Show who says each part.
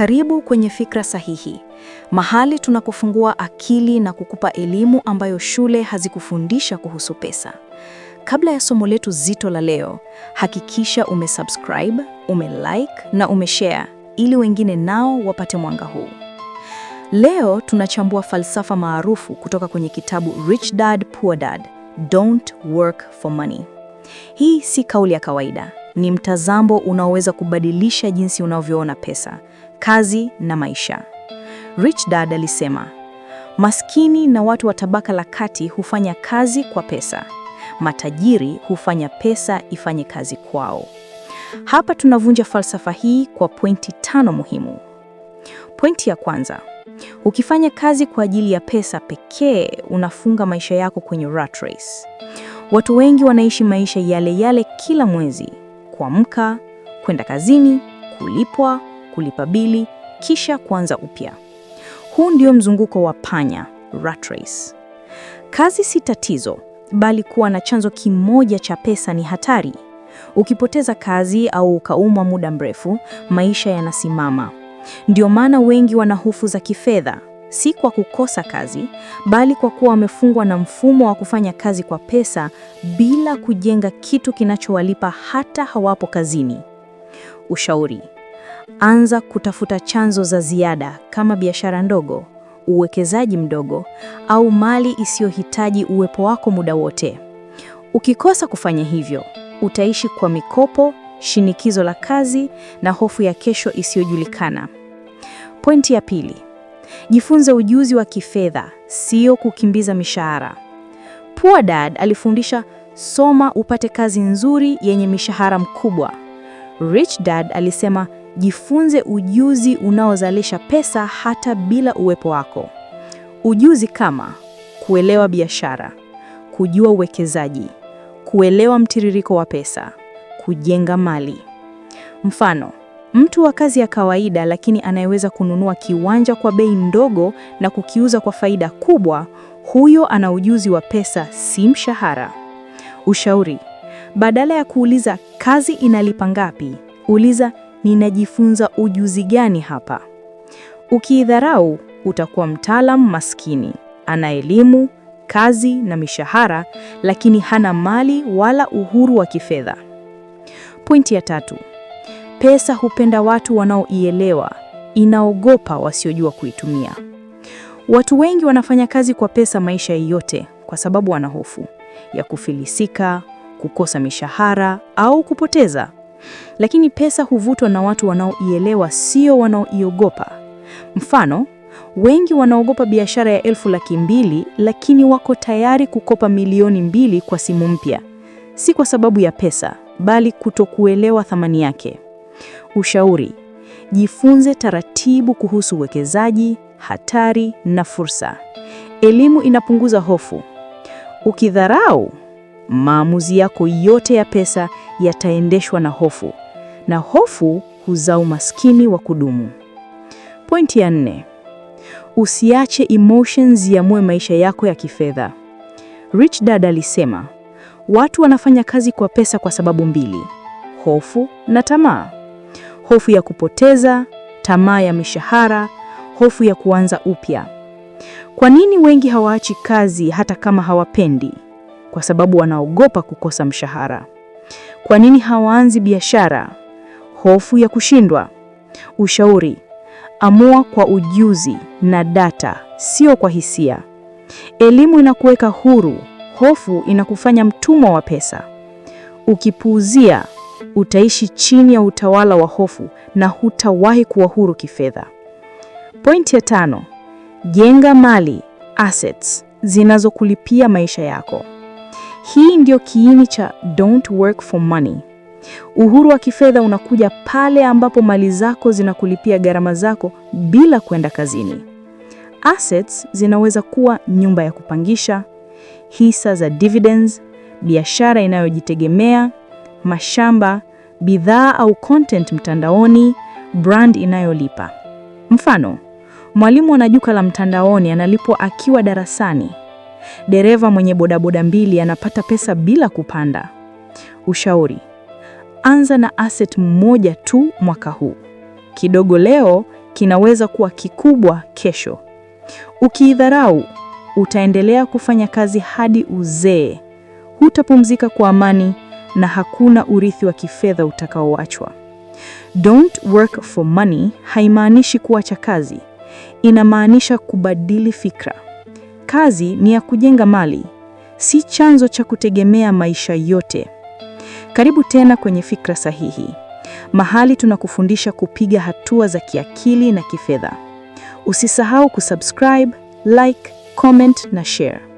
Speaker 1: Karibu kwenye Fikra Sahihi, mahali tunakufungua akili na kukupa elimu ambayo shule hazikufundisha kuhusu pesa. Kabla ya somo letu zito la leo, hakikisha umesubscribe, umelike na umeshare ili wengine nao wapate mwanga huu. Leo tunachambua falsafa maarufu kutoka kwenye kitabu Rich Dad Poor Dad, Don't Work for Money. Hii si kauli ya kawaida, ni mtazamo unaoweza kubadilisha jinsi unavyoona pesa, kazi na maisha. Rich Dad alisema, maskini na watu wa tabaka la kati hufanya kazi kwa pesa, matajiri hufanya pesa ifanye kazi kwao. Hapa tunavunja falsafa hii kwa pointi tano muhimu. Pointi ya kwanza, ukifanya kazi kwa ajili ya pesa pekee, unafunga maisha yako kwenye rat race. Watu wengi wanaishi maisha yale yale kila mwezi, kuamka, kwenda kazini, kulipwa, kulipa bili, kisha kuanza upya. Huu ndio mzunguko wa panya, rat race. Kazi si tatizo, bali kuwa na chanzo kimoja cha pesa ni hatari. Ukipoteza kazi au ukaumwa muda mrefu, maisha yanasimama. Ndio maana wengi wana hofu za kifedha, si kwa kukosa kazi, bali kwa kuwa wamefungwa na mfumo wa kufanya kazi kwa pesa bila kujenga kitu kinachowalipa hata hawapo kazini. Ushauri: anza kutafuta chanzo za ziada kama biashara ndogo, uwekezaji mdogo au mali isiyohitaji uwepo wako muda wote. Ukikosa kufanya hivyo, utaishi kwa mikopo, shinikizo la kazi na hofu ya kesho isiyojulikana. Pointi ya pili, jifunze ujuzi wa kifedha, sio kukimbiza mishahara. Poor Dad alifundisha soma upate kazi nzuri yenye mishahara mkubwa. Rich Dad alisema jifunze ujuzi unaozalisha pesa hata bila uwepo wako. Ujuzi kama kuelewa biashara, kujua uwekezaji, kuelewa mtiririko wa pesa, kujenga mali. Mfano, mtu wa kazi ya kawaida lakini anayeweza kununua kiwanja kwa bei ndogo na kukiuza kwa faida kubwa, huyo ana ujuzi wa pesa, si mshahara. Ushauri: badala ya kuuliza kazi inalipa ngapi, uliza ninajifunza ujuzi gani hapa? Ukiidharau utakuwa mtaalam maskini, ana elimu, kazi na mishahara, lakini hana mali wala uhuru wa kifedha. Pointi ya tatu, pesa hupenda watu wanaoielewa, inaogopa wasiojua kuitumia. Watu wengi wanafanya kazi kwa pesa maisha yote kwa sababu wana hofu ya kufilisika, kukosa mishahara au kupoteza. Lakini pesa huvutwa na watu wanaoielewa, sio wanaoiogopa. Mfano, wengi wanaogopa biashara ya elfu laki mbili lakini wako tayari kukopa milioni mbili kwa simu mpya, si kwa sababu ya pesa, bali kutokuelewa thamani yake. Ushauri: jifunze taratibu kuhusu uwekezaji, hatari na fursa. Elimu inapunguza hofu. Ukidharau maamuzi yako yote ya pesa yataendeshwa na hofu, na hofu huzaa umaskini wa kudumu. Pointi ya nne: usiache emotions ziamue maisha yako ya kifedha. Rich Dad alisema watu wanafanya kazi kwa pesa kwa sababu mbili: hofu na tamaa. Hofu ya kupoteza, tamaa ya mishahara, hofu ya kuanza upya. Kwa nini wengi hawaachi kazi hata kama hawapendi? kwa sababu wanaogopa kukosa mshahara. Kwa nini hawaanzi biashara? Hofu ya kushindwa. Ushauri: amua kwa ujuzi na data, sio kwa hisia. Elimu inakuweka huru, hofu inakufanya mtumwa wa pesa. Ukipuuzia, utaishi chini ya utawala wa hofu na hutawahi kuwa huru kifedha. Pointi ya tano: jenga mali assets zinazokulipia maisha yako. Hii ndio kiini cha don't work for money. Uhuru wa kifedha unakuja pale ambapo mali zako zinakulipia gharama zako bila kwenda kazini. Assets zinaweza kuwa nyumba ya kupangisha, hisa za dividends, biashara inayojitegemea, mashamba, bidhaa au content mtandaoni, brand inayolipa. Mfano, mwalimu ana juka la mtandaoni analipwa akiwa darasani, Dereva mwenye bodaboda mbili anapata pesa bila kupanda. Ushauri: anza na asset mmoja tu mwaka huu. Kidogo leo kinaweza kuwa kikubwa kesho. Ukiidharau utaendelea kufanya kazi hadi uzee, hutapumzika kwa amani na hakuna urithi wa kifedha utakaoachwa. Don't work for money haimaanishi kuacha kazi, inamaanisha kubadili fikra kazi ni ya kujenga mali, si chanzo cha kutegemea maisha yote. Karibu tena kwenye Fikra Sahihi, mahali tunakufundisha kupiga hatua za kiakili na kifedha. Usisahau kusubscribe, like, comment na share.